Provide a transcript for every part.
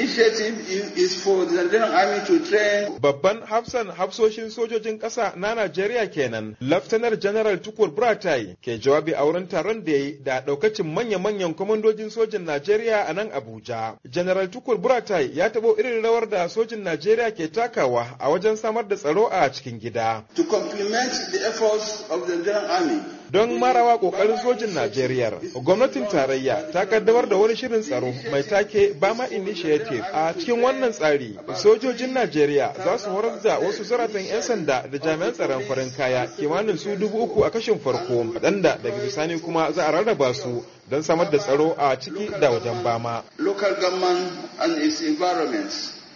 initiative is for the Nigerian Army to train. Babban hafsan hafsoshin sojojin ƙasa na Najeriya kenan, Laftanar General Tukur Buratai ke jawabi a wurin taron da ya yi da ɗaukacin manya-manyan kwamandojin sojin Najeriya a nan Abuja. General Tukur Buratai ya taɓo irin rawar da sojin Najeriya ke takawa a wajen samar da tsaro a cikin gida. To complement the efforts of the Nigerian Army, don marawa kokarin sojin Najeriya. Gwamnatin tarayya ta kaddamar da wani shirin tsaro mai take Bama Initiative. A cikin wannan tsari, sojojin Najeriya za su horar da wasu zaratan 'yan sanda da jami'an tsaron farin kaya kimanin su dubu uku a kashin farko, waɗanda daga bisani kuma za a rarraba su don samar da tsaro a ciki da wajen Bama. Local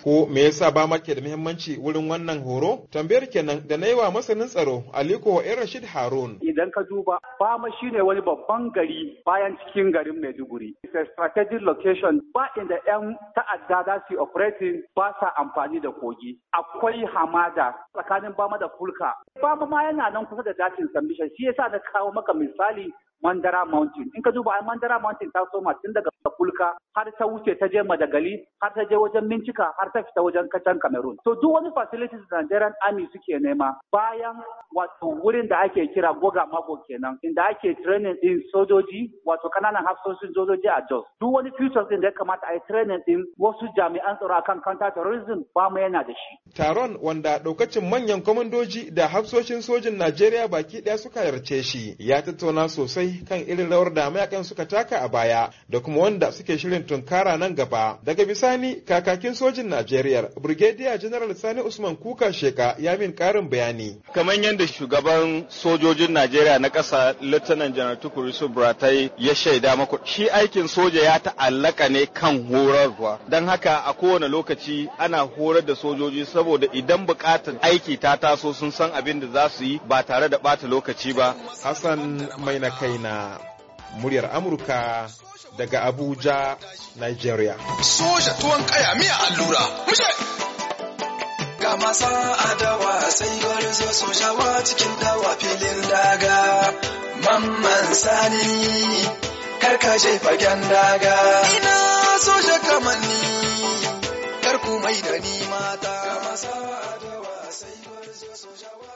Ko me yasa ba ma ke da muhimmanci wurin wannan horo? Tambayar kenan da na yi wa masanin tsaro Aliko wa 'yan Rashid Harun. Idan ka duba, Bama shine wani babban gari bayan cikin garin Maiduguri. It's a strategic location ba inda 'yan ta'adda za su operating ba sa amfani da kogi. Akwai hamada tsakanin Bama da Fulka. Bama ma yana nan kusa da dakin Sambishan. Shi yasa na kawo maka misali mandara mountain in ka duba a mandara mountain ta soma tun daga kulka har ta wuce ta je madagali har ta je wajen mincika har ta fita wajen kacan cameroon to duk wani facilities da nigerian army suke nema bayan wato wurin da ake kira goga mago kenan inda ake training din sojoji wato kananan hafsoshin sojoji a jos duk wani futures din da ya kamata a yi training din wasu jami'an tsaro akan counter terrorism ba mu yana da shi taron wanda daukacin manyan kwamandoji da hafsoshin sojin najeriya baki ɗaya suka yarce shi ya tattauna sosai kan irin rawar da mayakan suka taka a baya da kuma wanda suke shirin tunkara nan gaba. Daga bisani kakakin sojin Najeriya Brigadier General Sani Usman Kuka Sheka ya min karin bayani. Kamar yadda shugaban sojojin Najeriya na ƙasa Lieutenant General Tukuru Subratai ya shaida muku shi aikin soja ya ta'allaka ne kan horarwa. Don haka a kowane lokaci ana horar da sojoji saboda idan buƙatar aiki ta taso sun san abin da za su yi ba tare da ɓata lokaci ba. Hassan mai na kaina. na muryar Amurka daga Abuja, Nigeria. Soja tuwon kaya miya allura, mushe! Ga a adawa sai gwarzo sojawa cikin dawa filin daga, mamman sani, karkashe fagen daga. Ina soja kamanni, karku mai da ni mata. Ga masu adawa sai sojawa